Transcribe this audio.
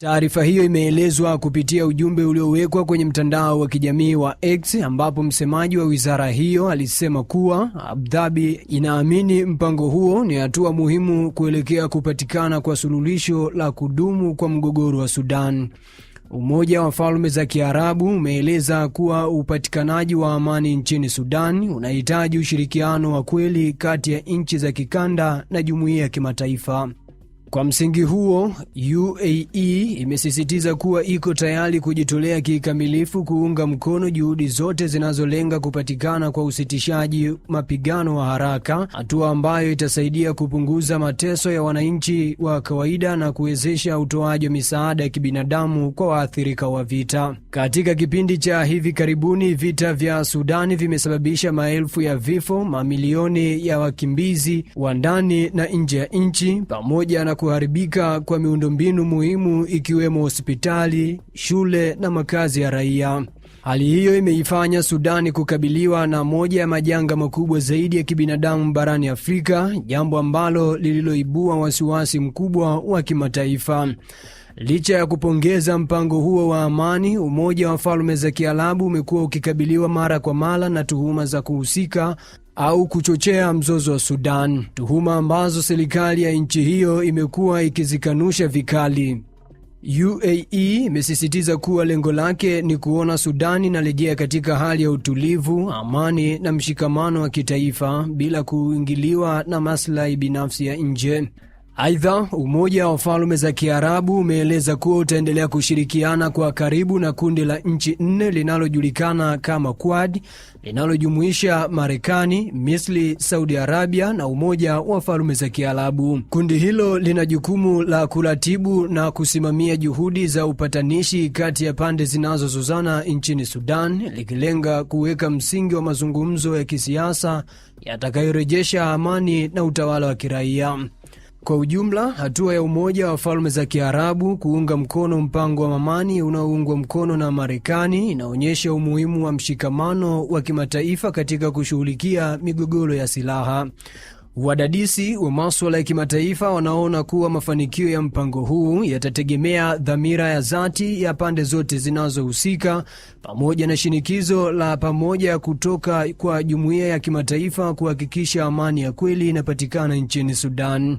Taarifa hiyo imeelezwa kupitia ujumbe uliowekwa kwenye mtandao wa kijamii wa X ambapo msemaji wa wizara hiyo alisema kuwa Abu Dhabi inaamini mpango huo ni hatua muhimu kuelekea kupatikana kwa suluhisho la kudumu kwa mgogoro wa Sudan. Umoja wa Falme za Kiarabu umeeleza kuwa upatikanaji wa amani nchini Sudan unahitaji ushirikiano wa kweli kati ya nchi za kikanda na jumuiya ya kimataifa. Kwa msingi huo, UAE imesisitiza kuwa iko tayari kujitolea kikamilifu kuunga mkono juhudi zote zinazolenga kupatikana kwa usitishaji mapigano wa haraka, hatua ambayo itasaidia kupunguza mateso ya wananchi wa kawaida na kuwezesha utoaji wa misaada ya kibinadamu kwa waathirika wa vita. Katika kipindi cha hivi karibuni, vita vya Sudani vimesababisha maelfu ya vifo, mamilioni ya wakimbizi wa ndani na nje ya nchi pamoja na kuharibika kwa miundombinu muhimu ikiwemo hospitali, shule na makazi ya raia. Hali hiyo imeifanya Sudani kukabiliwa na moja ya majanga makubwa zaidi ya kibinadamu barani Afrika, jambo ambalo lililoibua wasiwasi mkubwa wa kimataifa. Licha ya kupongeza mpango huo wa amani, Umoja wa Falme za Kiarabu umekuwa ukikabiliwa mara kwa mara na tuhuma za kuhusika au kuchochea mzozo wa Sudan, tuhuma ambazo serikali ya nchi hiyo imekuwa ikizikanusha vikali. UAE imesisitiza kuwa lengo lake ni kuona Sudan inarejea katika hali ya utulivu, amani na mshikamano wa kitaifa bila kuingiliwa na maslahi binafsi ya nje. Aidha, Umoja wa Falme za Kiarabu umeeleza kuwa utaendelea kushirikiana kwa karibu na kundi la nchi nne linalojulikana kama Quad linalojumuisha Marekani, Misri, Saudi Arabia na Umoja wa Falme za Kiarabu. Kundi hilo lina jukumu la kuratibu na kusimamia juhudi za upatanishi kati ya pande zinazozozana nchini Sudan, likilenga kuweka msingi wa mazungumzo ya kisiasa yatakayorejesha amani na utawala wa kiraia. Kwa ujumla, hatua ya Umoja wa Falme za Kiarabu kuunga mkono mpango wa amani unaoungwa mkono na Marekani inaonyesha umuhimu wa mshikamano wa kimataifa katika kushughulikia migogoro ya silaha. Wadadisi wa maswala ya kimataifa wanaona kuwa mafanikio ya mpango huu yatategemea dhamira ya dhati ya pande zote zinazohusika pamoja na shinikizo la pamoja kutoka kwa jumuiya ya kimataifa kuhakikisha amani ya kweli inapatikana nchini Sudan.